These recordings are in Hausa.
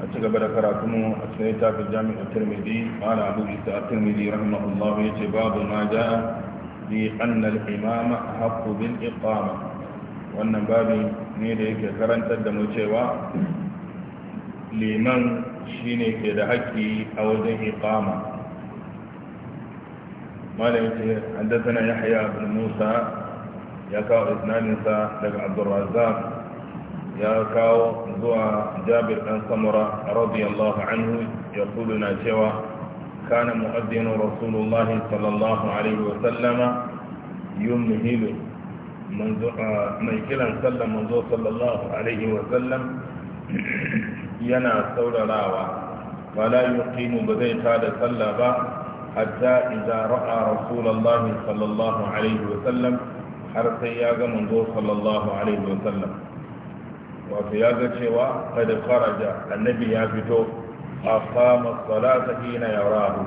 a ci gaba da karatun mu a cikin littafin jami'a tirmidhi mala abu isa tirmidhi rahimahullahu yace babu ma ja bi anna al-imama haqqu bil iqama wannan babi ne da yake karantar da mu cewa liman shine ke da haƙƙi a wajen iqama مالك حدثنا يحيى musa ya kawo إثنان لك daga الرزاق ya kawo zuwa jabir ɗan samura radiyallahu anhu ya kudu na cewa kana mu'addinu rasulullahi sallallahu alaihi wa sallama yumhilu mai kiran sallan manzo sallallahu alaihi wa sallam yana saurarawa wala yuqimu ba zai tada sallah ba hatta idza ra'a rasulullah sallallahu alaihi wa sallam har sai ya ga manzo sallallahu alaihi wa sallam wato ya ga cewa kada faraja annabi ya fito a kama salata hina ya rahu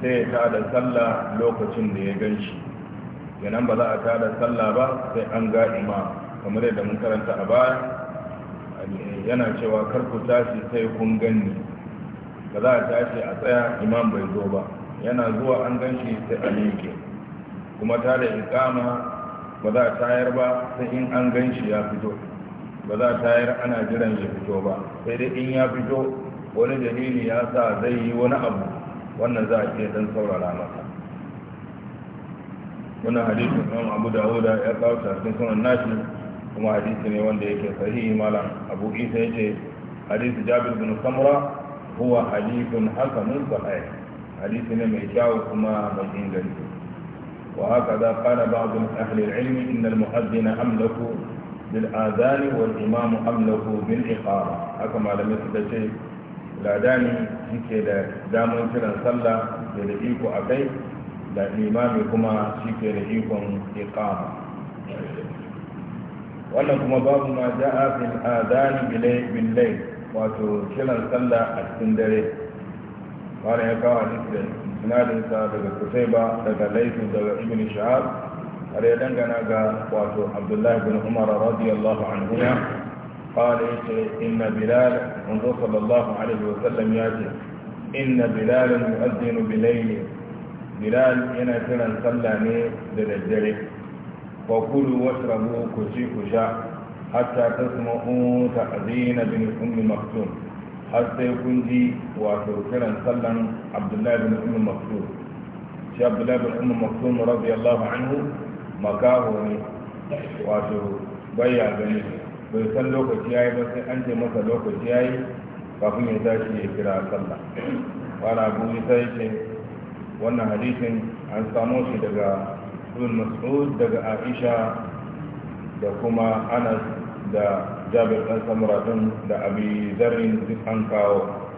sai ya tada sallah lokacin da ya gan shi yanan ba za a tada sallah ba sai an ga ima kamar yadda mun karanta a baya yana cewa kar ku tashi sai kun ganni ba za a tashi a tsaya imam bai zo ba yana zuwa an gan shi sai a leke kuma tada ikama ba za a tayar ba sai in an gan shi ya fito ba za ta yi ana jiran ya fito ba sai dai in ya fito wani dalili ya sa zai yi wani abu wannan za a ce don saurara masa wannan hadisin imam abu da dawuda ya kawo cikin sunan nashi kuma hadisi ne wanda yake sahihi malam abu isa yace hadisi jabir bin samra huwa hadithun hasanun sahih hadisi ne mai kyau kuma mai inganci وهكذا قال بعض أهل العلم إن المؤذن أملك بالآذان والإمام أمله بالإقامة أكما لم يتبتي لا داني شكي دا دامن كرا صلى يدعيكو أكي لا إمامكما شكي لإيكم إقامة wannan kuma babu ma ja'a fil adani billai wato kiran sallah a cikin dare wani ya kawo a da sinadinsa daga kutaiba daga laifin daga ibn shahab ريدان غانا غا واتو عبد الله بن عمر رضي الله عنهما قال ان بلال انظر صلى الله عليه وسلم ياتي ان بلال يؤذن بليل بلال ينا سنا صلى ني دجري وكلوا واشربوا كشي كشا حتى تسمعوا تأذين بن ام مكتوم حتى يكون جي واتو سنا صلى عبد الله بن ام مكتوم عبد الله بن ام مكتوم رضي الله عنه makaho ne wato baya gani bai san lokaci yayi ba sai an ce masa lokaci yayi kafin ya tashi ya kira sallah wala abu sai ce wannan hadisin an samo shi daga ibn mas'ud daga aisha da kuma anas da jabir dan samuratun da abi zarin duk an kawo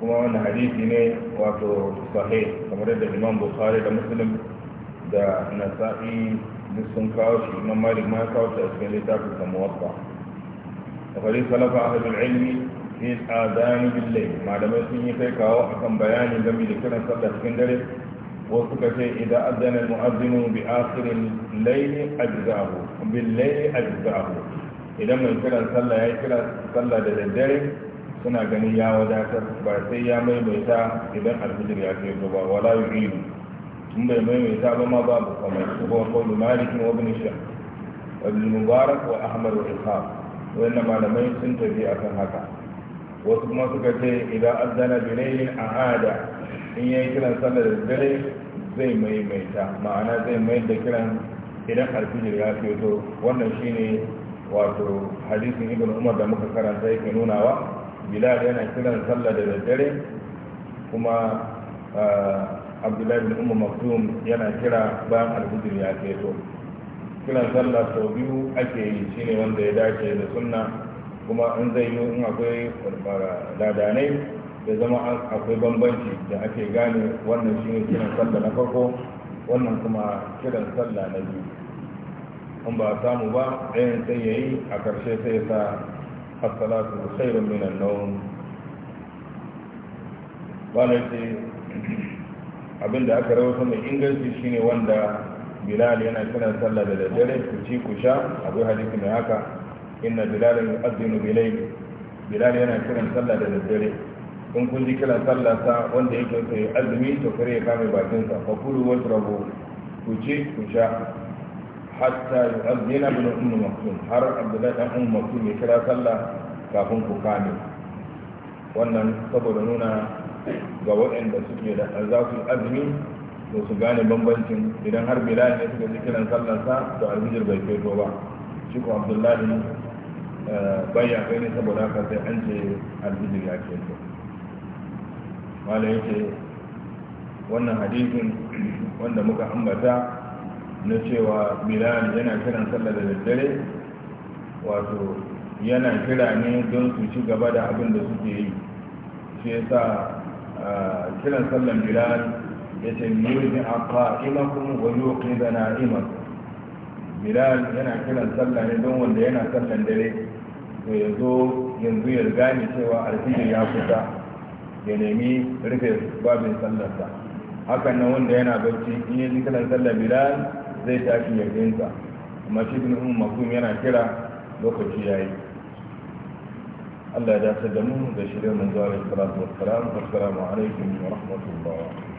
kuma wani hadisi ne wato sahih kamar yadda imam bukhari da muslim da nasa'i duk sun kawo shi imam malik ma kawo shi a cikin littafin sa muwatta وقد اختلف أهل العلم في الآذان بالليل ما لم يكن يكيك وأكم بيان لم يذكر صلى اسكندري وسكت إذا أذن المؤذن بآخر الليل أجزاه بالليل أجزاه إذا ما يكرا صلى يكرا صلى للدرب suna ganin ya wadatar ba sai ya maimaita idan alfijir ya ke ba wala yu'idu in bai maimaita ba ma babu kamar ko da malik wa ibn shah ibn mubarak wa ahmad wa isha wannan malamai sun tafi a kan haka wasu kuma suka ce idan zana bi a a'ada in yi kiran sallar dare zai maimaita ma'ana zai mai da kiran idan alfijir ya to wannan shine wato hadisin ibn umar da muka karanta yake nunawa bilal yana kiran sallah da daddare kuma abdullahi bin umar maktum yana kira bayan alhudur ya keto kiran sallah sau biyu ake yi shine wanda ya dace da sunna kuma in zai yi in akwai ladanai da zama akwai bambanci da ake gane wannan shine kiran sallah na farko wannan kuma kiran sallah na biyu in ba samu ba ɗayan sai ya yi a ƙarshe sai ya sa الصلاة خير من النوم ce abin da aka rawaito mai inganci shine wanda bilal yana kiran sallah da daddare ku ci ku sha akwai hadisi mai haka inna bilal yu'adhdhinu bilayl bilal yana kiran sallah da daddare in kun ji kiran sallah sa wanda yake sai azumi to kare ya kame bakin sa fa kulu wasrabu ku ci ku sha hatta yu'adhdhina ibn ummi maktum har abdullahi dan ummu maktum ya kira sallah kafin ku kame wannan saboda nuna ga waɗanda suke da za su azumi to su gane bambancin idan har bilal ne suka ji kiran sa to alhijir bai feto ba shi ko abdullahi baya kai ne saboda haka sai an ce alhijir ya feto malam yake wannan hadisin wanda muka ambata na cewa bilal yana kiran sallah da daddare wato yana kira ne don su ci gaba da abin da suke yi shi sa kiran sallan bilal ya ce wani aqaimakum da na na'imakum bilal yana kiran sallah ne don wanda yana sallan dare to ya zo yanzu ya gane cewa alfijir ya kusa ya nemi rufe babin sallarsa hakan nan wanda yana bacci in yi kiran sallan bilal zai tashi yardinsa amma shi ibn umar makum yana kira lokaci yayi Allah ya dace da mu da shirin manzo alaihi salatu wassalam assalamu alaikum wa rahmatullahi